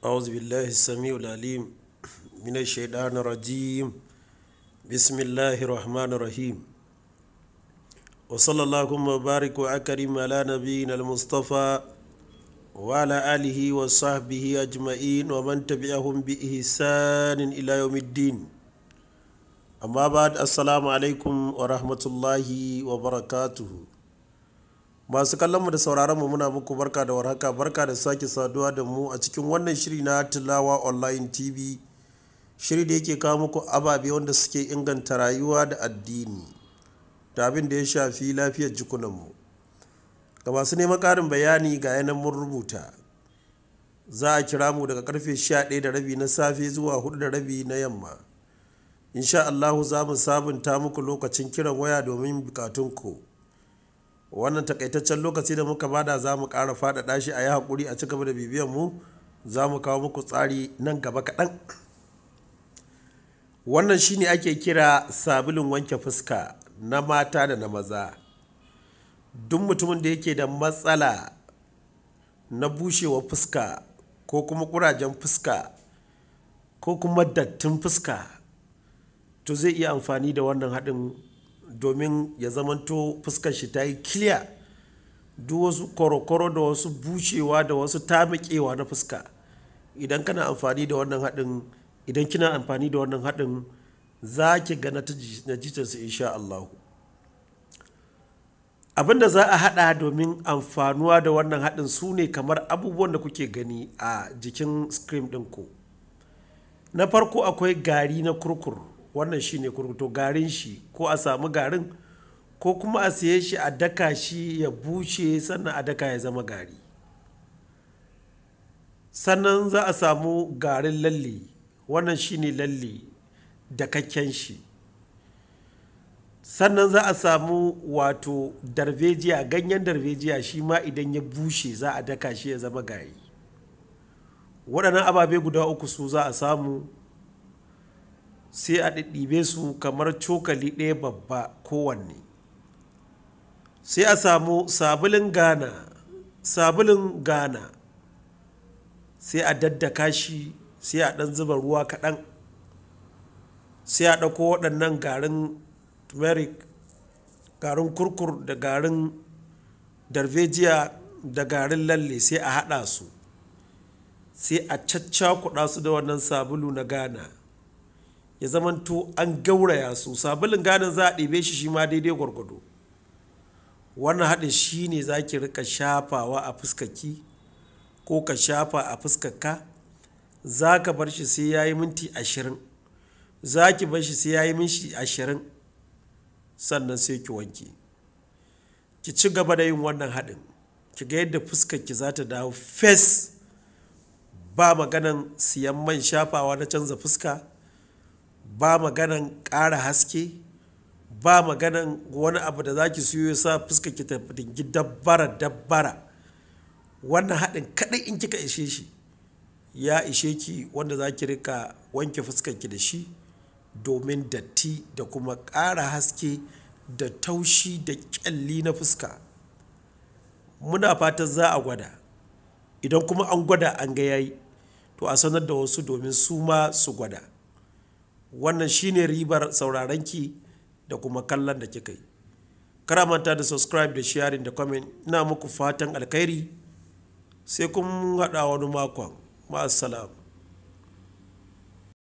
أعوذ بالله السميع العليم من الشيطان الرجيم بسم الله الرحمن الرحيم وصلى الله وبارك وأكرم على نبينا المصطفى وعلى آله وصحبه أجمعين ومن تبعهم بإحسان إلى يوم الدين أما بعد السلام عليكم ورحمة الله وبركاته masu kallon mu da sauraron mu muna muku barka da warhaka barka da sake saduwa da mu a cikin wannan shiri na tilawa online tv shiri da yake kawo muku ababe wanda suke inganta rayuwa da addini da abin da ya shafi lafiyar jikunanmu ga masu neman ƙarin bayani ga yanan mun rubuta za a kira mu daga karfe 11 da rabi na safe zuwa 4 da rabi na yamma insha Allahu za mu sabunta muku lokacin kiran waya domin bukatun ku. wannan takaitaccen lokaci da muka bada za mu ƙara faɗaɗa shi a yi hakuri a cigaba da bibiyan mu za mu kawo muku tsari nan gaba kaɗan wannan shine ake kira sabulun wanke fuska na mata da na maza duk mutumin da yake da matsala na bushewa fuska ko kuma ƙurajen fuska ko kuma dattin fuska to zai iya amfani da wannan haɗin domin ya zamanto fuskar shi ta yi kiliya duk wasu korokoro da wasu bushewa da wasu tamakewa na fuska idan kana amfani da wannan haɗin idan kina amfani da wannan haɗin za ki ga natijarsa insha Allah abin da za a haɗa domin amfanuwa da wannan haɗin su ne kamar abubuwan da kuke gani a jikin screen ɗinku na farko akwai gari na kurkur wannan shi ne kurkuto garin shi ko a samu garin ko kuma a siye shi a daka shi ya bushe sannan a daka ya zama gari sannan za a samu garin lalle wannan shi ne lalle dakakken shi sannan za a samu wato darbejiya ganyen darbejiya shi ma idan ya bushe za a daka shi ya zama gari waɗannan ababe guda uku su za a samu sai a ɗiɗɗibe su kamar cokali ɗaya babba kowanne sai a samu sabulin gana sabulin gana sai a daddaka shi sai a ɗan zuba ruwa kaɗan sai a ɗauko waɗannan garin turmeric garin kurkur da garin darvejiya da garin lalle sai a haɗa su sai a caccakuɗa su da wannan sabulu na gana. ya zamanto an gauraya su sabulin ganin za a ɗebe shi shi ma daidai gwargwado wannan haɗin shi ne za ki rika shafawa a fuskaki ko ka shafa a fuskaka za ka bar shi sai ya yi minti ashirin za ki bar shi sai ya yi minti ashirin sannan sai ki wanke ki ci gaba da yin wannan haɗin ki ga yadda fuskarki za ta dawo fes ba maganan siyan man shafawa na canza fuska ba maganan ƙara haske ba maganan wani abu da za ki siyo ya sa fuska ki tafi dabbara dabbara wannan haɗin kaɗai in kika ishe shi ya ishe ki wanda za ki rika wanke fuskarki da shi domin datti da kuma ƙara haske da taushi da ƙyalli na fuska muna fatan za a gwada idan kuma an gwada an ga yayi to a sanar da wasu domin su ma su gwada wannan shine ribar sauraron ki da kuma kallon da kika yi kara manta da subscribe da sharing da comment ina muku fatan alkhairi sai kun haɗa wani makon ma'assalam